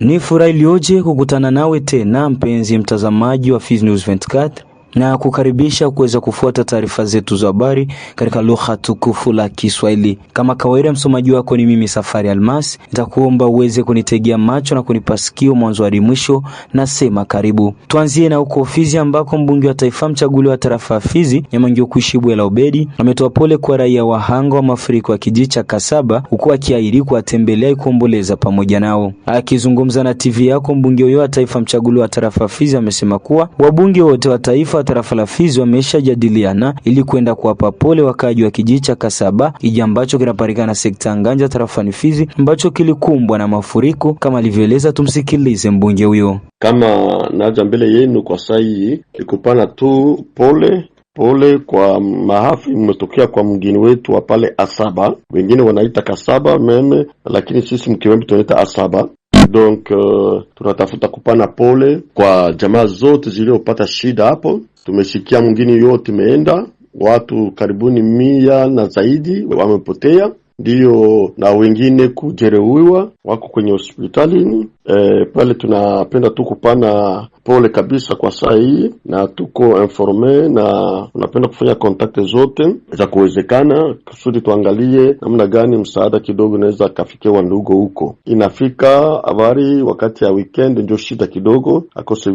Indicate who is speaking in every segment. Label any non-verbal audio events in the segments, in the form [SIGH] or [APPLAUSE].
Speaker 1: Ni furaha iliyoje kukutana nawe tena mpenzi mtazamaji wa Fizi News 24 na kukaribisha kuweza kufuata taarifa zetu za habari katika lugha tukufu la Kiswahili. Kama kawaida, msomaji wako ni mimi Safari Almas. Nitakuomba uweze kunitegea macho na kunipa sikio mwanzo hadi mwisho, na sema karibu. Tuanzie na huko Fizi ambako mbunge wa taifa mchaguliwa wa tarafa ya Fizi Nyamangioku Shibwela Obedi ametoa pole kwa raia wahanga wa mafuriko ya kijiji cha Kasaba, huku akiahidi kuwatembelea kuomboleza pamoja nao. Akizungumza na TV yako, mbunge huyo wa taifa mchaguliwa wa tarafa Fizi amesema kuwa wabunge wote wa taifa wa tarafa la Fizi wameshajadiliana ili kwenda kuwapa pole wakaaji wa kijiji cha Kasaba, kijiji ambacho kinapatikana sekta Nganja tarafani Fizi, ambacho kilikumbwa na mafuriko kama alivyoeleza. Tumsikilize mbunge huyo.
Speaker 2: Kama naja mbele yenu kwa sahihi, ikupana tu pole pole kwa maafa imetokea kwa mgini wetu wa pale Asaba, wengine wanaita Kasaba meme, lakini sisi mkiwembe tunaita Asaba. Donc uh, tunatafuta kupana pole kwa jamaa zote ziliopata shida hapo. Tumesikia mwingine yote imeenda, watu karibuni mia na zaidi wamepotea ndiyo na wengine kujeruhiwa wako kwenye hospitalini. E, pale tunapenda tu kupana pole kabisa kwa saa hii, na tuko informe na tunapenda kufanya kontakte zote za kuwezekana kusudi tuangalie namna gani msaada kidogo inaweza akafikiwa ndugo huko. Inafika habari wakati ya weekend, ndio shida kidogo akose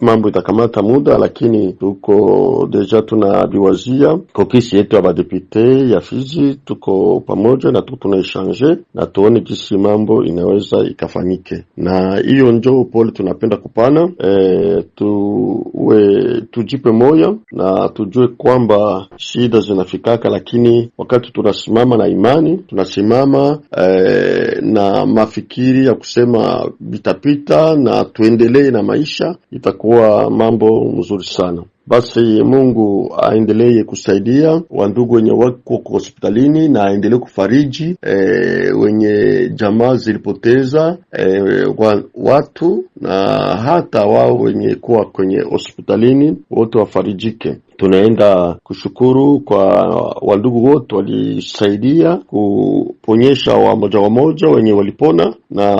Speaker 2: mambo itakamata muda, lakini tuko deja tunabiwazia kokisi yetu ya badepute ya Fizi, tuko pamoja na tuko tunaishange na tuone jinsi mambo inaweza ikafanyike, na hiyo njo upole tunapenda kupana e, tuwe tujipe moya na tujue kwamba shida zinafikaka, lakini wakati tunasimama na imani tunasimama e, na mafikiri ya kusema vitapita na tuendelee na maisha itakuwa itakuwa mambo mzuri sana. Basi Mungu aendelee kusaidia wandugu wenye wako hospitalini na aendelee kufariji e, wenye jamaa zilipoteza e, wa, watu na hata wao wenye kuwa kwenye hospitalini wote wafarijike. Tunaenda kushukuru kwa wandugu wote walisaidia kuponyesha wamoja wamoja wenye walipona na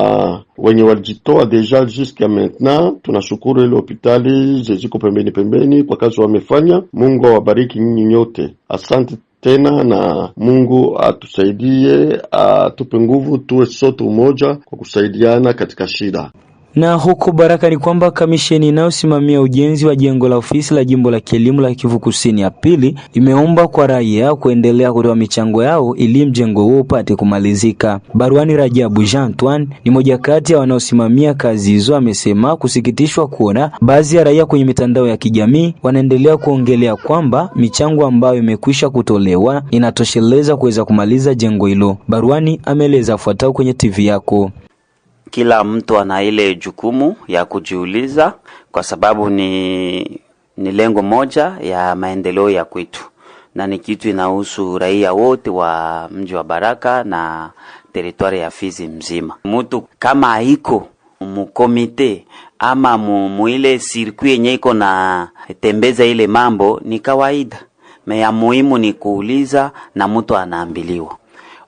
Speaker 2: wenye walijitoa deja jusqua maintenant. Tunashukuru ile hopitali zeziko pembeni pembeni kwa kazi wamefanya. Mungu awabariki nyinyi nyote, asante tena na Mungu atusaidie, atupe nguvu, tuwe sote umoja kwa kusaidiana katika shida.
Speaker 1: Na huko Baraka ni kwamba kamisheni inayosimamia ujenzi wa jengo la ofisi la jimbo la kielimu la Kivu Kusini ya pili imeomba kwa raia kuendelea kutoa michango yao ili mjengo huo upate kumalizika. baruani Rajabu Jean Antoine ni moja kati ya wanaosimamia kazi hizo, amesema kusikitishwa kuona baadhi ya raia kwenye mitandao ya kijamii wanaendelea kuongelea kwamba michango ambayo imekwisha kutolewa inatosheleza kuweza kumaliza jengo hilo. baruani ameeleza afuatao kwenye TV yako
Speaker 3: kila mtu ana ile jukumu ya kujiuliza, kwa sababu ni ni lengo moja ya maendeleo ya kwetu, na ni kitu inahusu raia wote wa mji wa Baraka na teritwari ya Fizi mzima. Mtu kama aiko mukomite ama muile sirku yenye iko na tembeza ile mambo, ni kawaida meya. Muhimu ni kuuliza na mtu anaambiliwa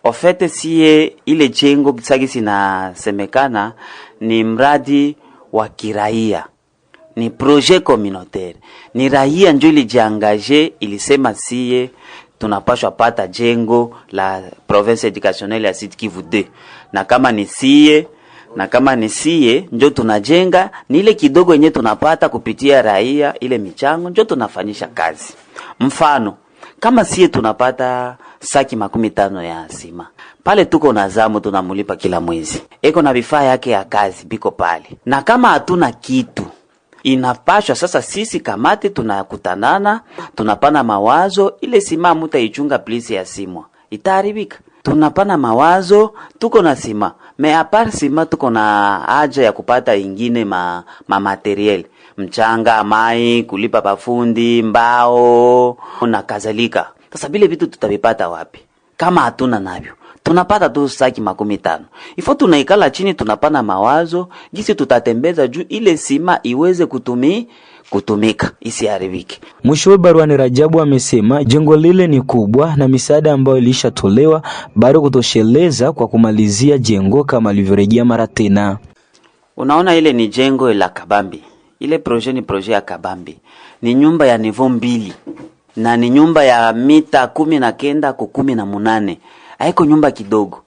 Speaker 3: ofete sie ile jengo sagisi sinasemekana ni mradi wa kiraia, ni projet communautaire, ni raia njo ilijiangaje, ilisema sie tunapashwa pata jengo la province educationnelle ya Sud Kivu 2 na kama ni sie na kama ni sie njo tunajenga, ni ile kidogo yenye tunapata kupitia raia, ile michango njo tunafanyisha kazi. Mfano kama sie tunapata saki makumi tano ya sima pale, tuko na zamu tunamulipa kila mwezi, eko na vifaa yake ya kazi biko pale, na kama hatuna kitu inapashwa sasa, sisi kamati tunakutanana, tunapana mawazo, ile sima mutaichunga plisi ya simwa itaharibika, tunapana mawazo, tuko na sima me apar sima, tuko na haja ya kupata ingine ma, ma materiel mchanga, mai, kulipa pafundi, mbao na kadhalika. Sasa bile vitu tutavipata wapi kama hatuna navyo? Tunapata tu saki makumi tano ifo, tunaikala chini, tunapana mawazo jinsi tutatembeza juu ile sima iweze kutumi kutumika isiharibike.
Speaker 1: Mwishowe Barwani Rajabu amesema jengo lile ni kubwa na misaada ambayo ilishatolewa bado kutosheleza kwa kumalizia jengo kama alivyorejea mara tena.
Speaker 3: Unaona, ile ni jengo la Kabambi, ile proje ni proje ya Kabambi, ni nyumba ya nivo mbili na ni nyumba ya mita kumi na kenda kwa kumi na munane haiko nyumba kidogo.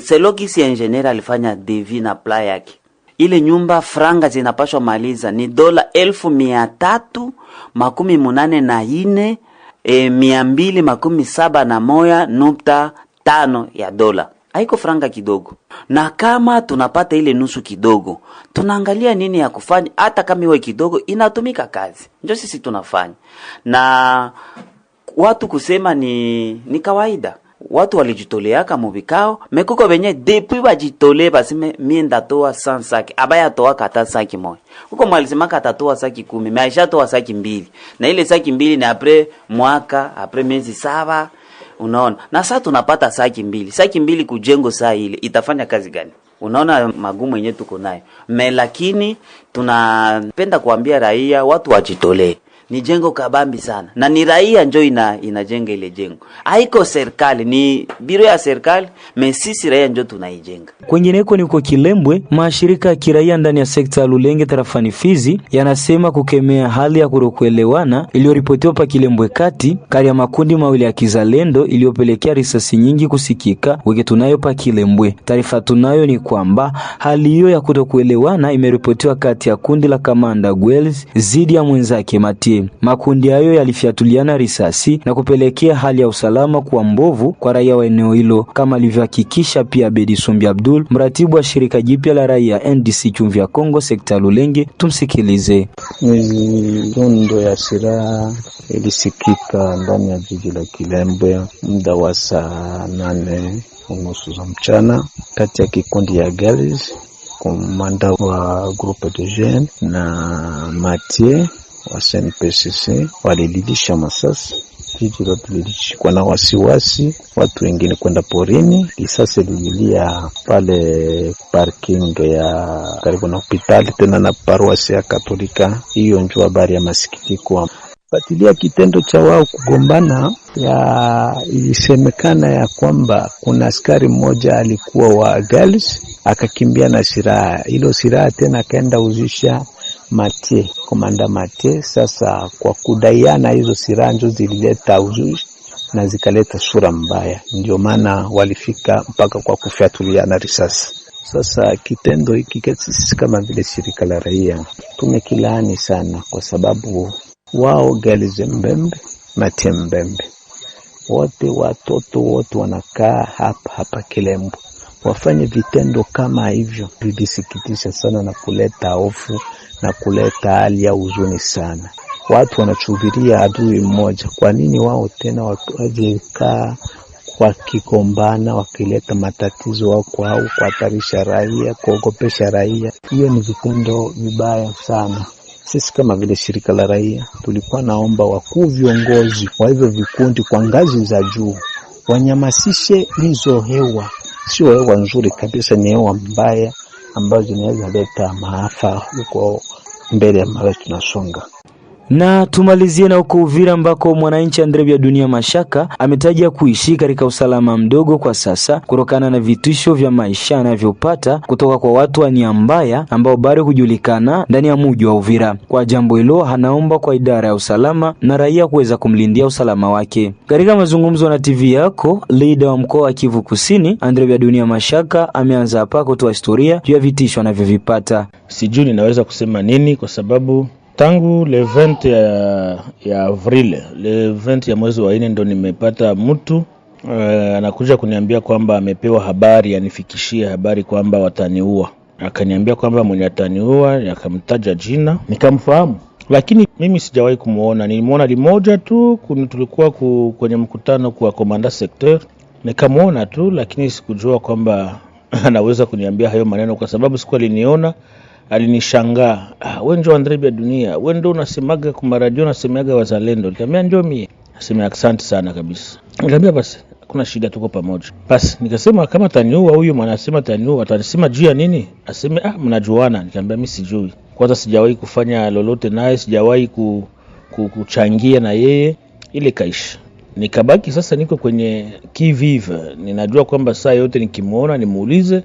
Speaker 3: Selokisi ya engineer alifanya devi na pla yake ile nyumba franga zinapashwa maliza ni dola elfu mia tatu makumi munane na ine e, mia mbili makumi saba na moya nukta tano ya dola haiko franga kidogo, na kama tunapata ile nusu kidogo, tunaangalia nini ya kufanya, hata kama iwe kidogo inatumika kazi. Ndio sisi tunafanya, na watu kusema ni ni kawaida watu walijitoleaka mubikao mekuko benye depuis bajitole basime mienda toa san saki abaya toa kata saki moja huko mwalisemaka atatoa saki kumi maisha toa saki mbili na ile saki mbili ni apre mwaka apre miezi saba Unaona, na sasa tunapata saki mbili, saki mbili kujengo saa ile itafanya kazi gani? Unaona magumu yenyewe tuko nayo me, lakini tunapenda kuambia raia watu wajitolee ni jengo kabambi sana, na ni raia njo ina, inajenga ile jengo, haiko serikali, ni biro ya serikali mesisi, raia njo tunaijenga.
Speaker 1: Kwengineko ni uko Kilembwe, mashirika ya kiraia ndani ya sekta ya Lulenge tarafani Fizi yanasema kukemea hali ya kutokuelewana iliyoripotiwa pa Kilembwe kati kari ya makundi mawili ya kizalendo iliyopelekea risasi nyingi kusikika wiki tunayo pa Kilembwe. Taarifa tunayo ni kwamba hali hiyo ya kutokuelewana imeripotiwa kati ya kundi la Kamanda Gwels zidi ya mwenzake Matie Makundi hayo yalifyatuliana risasi na kupelekea hali ya usalama kuwa mbovu kwa raia wa eneo hilo, kama alivyohakikisha pia Abedi sumbi Abdul, mratibu wa shirika jipya la raia NDC Chumvi ya Kongo sekta Lulenge. Tumsikilize.
Speaker 4: Midundo ya silaha ilisikika ndani ya jiji la Kilembwe muda wa saa nane unusu za mchana kati ya kikundi ya Galis komanda wa groupe de jeunes na Mathieu wa SNPCC walililisha masasi, jiji lote lilishikwa na wasiwasi, watu wengine kwenda porini. Lisasi lililia pale parking ya karibu na hospitali, tena na paruasi ya Katolika. Hiyo ndio habari ya masikitiko fatilia kitendo cha wao kugombana ya ilisemekana ya kwamba kuna askari mmoja alikuwa wa girls akakimbia na silaha, hilo silaha tena akaenda uzisha Mate, komanda Mate. Sasa kwa kudaiana hizo siranjo zilileta uzuri na zikaleta sura mbaya, ndio maana walifika mpaka kwa kufyatuliana risasi. Sasa kitendo hiki sisi kama vile shirika la raia tumekilaani sana, kwa sababu wao galize mbembe Mate mbembe wote watoto wote wanakaa hapa hapa Kilembo, wafanye vitendo kama hivyo vilisikitisha sana na kuleta hofu na kuleta hali ya huzuni sana. Watu wanachuvilia adui mmoja, kwa nini wao tena wawekaa wakigombana wakileta matatizo wako au kuhatarisha raia, kuogopesha raia? Hiyo ni vitendo vibaya sana. Sisi kama vile shirika la raia tulikuwa naomba wakuu viongozi wa hivyo vikundi kwa ngazi za juu wanyamasishe hizo hewa. Sio hewa nzuri kabisa, ni hewa mbaya ambazo zinaweza leta maafa huko mbele ambayo tunasonga.
Speaker 1: Na tumalizie na huko Uvira ambako mwananchi Andre Bya Dunia Mashaka ametaja kuishi katika usalama mdogo kwa sasa kutokana na vitisho vya maisha anavyopata kutoka kwa watu wa nia mbaya ambao bado hujulikana ndani ya mji wa Uvira. Kwa jambo hilo, anaomba kwa idara ya usalama na raia kuweza kumlindia usalama wake. Katika mazungumzo na TV yako, lida wa mkoa wa Kivu Kusini Andre Bya Dunia Mashaka ameanza hapa kutoa historia juu ya vitisho anavyovipata.
Speaker 5: Sijui ninaweza kusema nini kwa sababu Tangu le 20 ya, ya Avril, le 20 ya mwezi wa nne ndo nimepata mtu uh, anakuja kuniambia kwamba amepewa habari, anifikishie habari kwamba wataniua. Akaniambia kwamba mwenye ataniua, akamtaja jina, nikamfahamu lakini mimi sijawahi kumwona. Nilimwona limoja tu, tulikuwa ku, kwenye mkutano kwa komanda sekteur, nikamwona tu, lakini sikujua kwamba [LAUGHS] anaweza kuniambia hayo maneno, kwa sababu siku aliniona alinishangaa, ah, we njo ya Dunia, we ndo unasemaga kumaradio, unasemaga wazalendo. nikaambia njo mie. Asema asante sana kabisa. nikaambia basi kuna shida, tuko pamoja. Basi nikasema kama taniua huyu mwana, asema taniua, atanisema juu ya nini? Aseme ah, mnajuana. nikaambia mi sijui, kwanza sijawahi kufanya lolote naye, sijawahi ku, ku, kuchangia na yeye. Ile kaisha nikabaki sasa, niko kwenye kivive, ninajua kwamba saa yote nikimwona nimuulize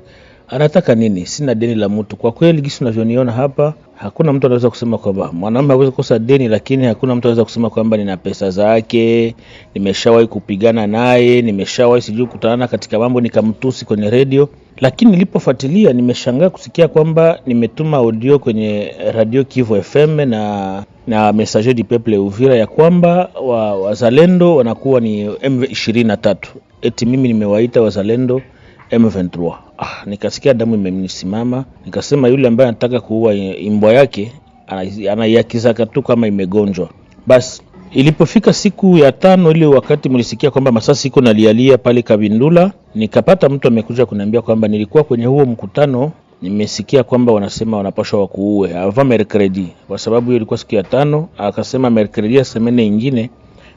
Speaker 5: anataka nini? Sina deni la mtu kwa kweli, gisi unavyoniona hapa hakuna mtu anaweza kusema kwamba mwanaume hawezi kukosa deni, lakini hakuna mtu anaweza kusema kwamba nina pesa zake, nimeshawahi kupigana naye, nimeshawahi sijui kutana katika mambo nikamtusi kwenye redio. Lakini nilipofuatilia nimeshangaa kusikia kwamba nimetuma audio kwenye radio Kivu FM na na Messager du Peuple Uvira ya kwamba wazalendo wa wanakuwa ni M23, eti mimi nimewaita wazalendo M23 ah, nikasikia damu imenisimama nikasema yule ambaye anataka kuua imbwa yake anaiakizaka tu kama imegonjwa. Basi ilipofika siku ya tano ile wakati mlisikia kwamba masasi iko nalialia pale Kabindula, nikapata mtu amekuja kuniambia kwamba nilikuwa kwenye huo mkutano nimesikia kwamba wanasema wanapashwa wakuue avant mercredi, kwa sababu hiyo ilikuwa siku ya tano. Akasema mercredi ya semene ingine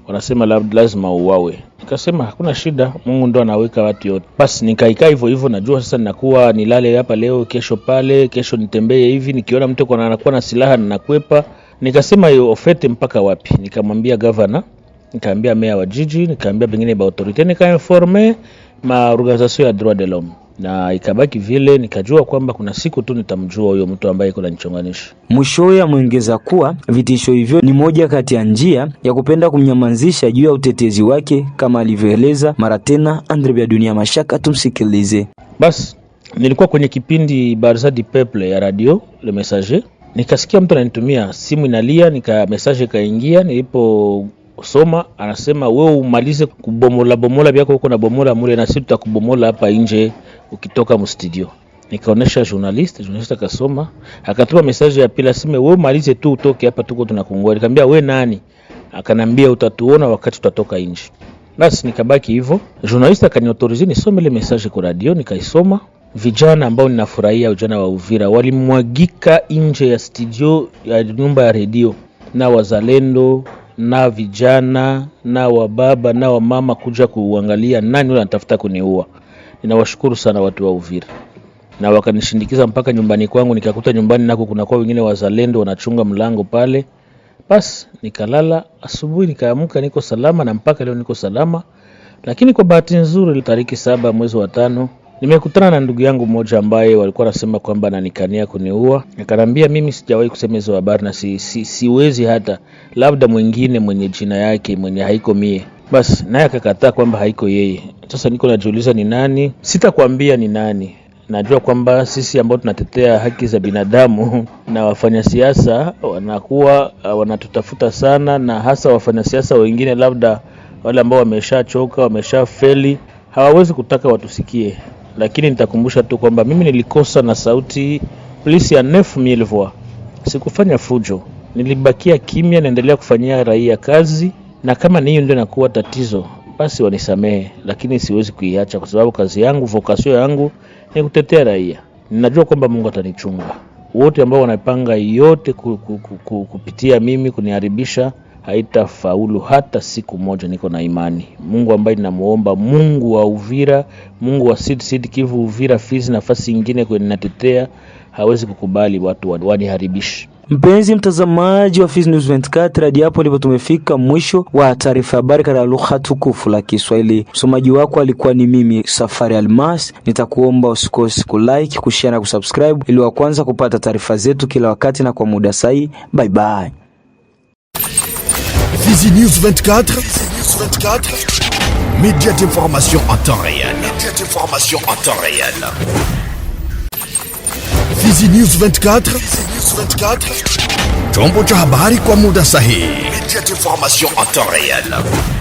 Speaker 5: wanasema labda lazima uwawe. Nikasema hakuna shida, Mungu ndo anaweka watu yote. Basi nikaikaa hivyo hivyo, najua sasa ninakuwa nilale hapa leo, kesho pale, kesho nitembee hivi, nikiona mtu anakuwa na silaha ninakwepa. Nikasema hiyo ofete mpaka wapi? Nikamwambia gavana, nikaambia meya wa jiji, nikaambia pengine ba autorite, nikainforme ma organisation ya droit de l'homme na ikabaki vile, nikajua kwamba kuna siku tu nitamjua huyo mtu ambaye iko nanichonganisha.
Speaker 1: Mwishowe ameongeza kuwa vitisho hivyo ni moja kati ya njia ya kupenda kumnyamazisha juu ya utetezi wake, kama alivyoeleza mara tena Andre Bya Dunia Mashaka. Tumsikilize
Speaker 5: basi. Nilikuwa kwenye kipindi Barza di Peuple ya radio Le Messager, nikasikia mtu ananitumia simu inalia, nika message ikaingia, nilipo soma anasema, wewe umalize kubomola bomola vyako huko na bomola mule, na sisi tutakubomola hapa nje ukitoka mstudio. Nikaonesha journalist, journalist akasoma, akatuma message ya pili aseme wewe malize tu utoke hapa, tuko tunakungoja. Nikamwambia wewe nani? Akanambia utatuona wakati tutatoka nje. Basi nikabaki hivyo. Journalist akaniautorize nisome ile message kwa radio, nikaisoma. Vijana ambao ninafurahia vijana wa Uvira walimwagika nje ya studio ya nyumba ya redio, na wazalendo na vijana na wababa na wamama kuja kuangalia nani yule anatafuta kuniua. Ninawashukuru sana watu wa Uvira na wakanishindikiza mpaka nyumbani kwangu, nikakuta nyumbani nako kuna kwa wengine wazalendo wanachunga mlango pale. Basi nikalala, asubuhi nikaamka niko salama, na mpaka leo niko salama. Lakini kwa bahati nzuri, tariki saba mwezi wa tano nimekutana na ndugu yangu mmoja ambaye walikuwa anasema kwamba ananikania kuniua. Akanambia mimi sijawahi kusema hizo habari na si, si, siwezi hata, labda mwingine mwenye jina yake mwenye haiko mie basi naye akakataa kwamba haiko yeye. Sasa niko najiuliza ni nani, sitakwambia ni nani. Najua kwamba sisi ambao tunatetea haki za binadamu [LAUGHS] na wafanyasiasa wanakuwa wanatutafuta sana, na hasa wafanyasiasa wengine, labda wale ambao wameshachoka, wameshafeli, hawawezi kutaka watusikie. Lakini nitakumbusha tu kwamba mimi nilikosa na sauti polisi ya nef mille Sikufanya fujo, nilibakia kimya, naendelea kufanyia raia kazi na kama niyo ndio nakuwa tatizo basi wanisamehe, lakini siwezi kuiacha kwa sababu kazi yangu, vokasio yangu ni kutetea raia. Ninajua kwamba Mungu atanichunga. Wote ambao wanapanga yote ku, ku, ku, ku, kupitia mimi kuniharibisha haitafaulu hata siku moja. Niko na imani Mungu ambaye ninamuomba, Mungu wa Uvira, Mungu wa Sud Sud Kivu, Uvira, Fizi, nafasi ingine kwenye natetea, hawezi kukubali watu waniharibishi.
Speaker 1: Mpenzi mtazamaji wa Fizi News 24, hadi hapo ndipo tumefika mwisho wa taarifa habari katika lugha tukufu la Kiswahili. Msomaji wako alikuwa ni mimi Safari Almas. Nitakuomba usikose kulike, kushare na kusubscribe ili wa kwanza kupata taarifa zetu kila wakati na kwa muda sahihi. Bye bye.
Speaker 6: Fizi News 24, News 24. Média d'information en temps réel. Média d'information en temps réel. Hizi News 24. Hizi News 24. Chombo cha habari kwa muda sahihi. Media d'information en temps réel.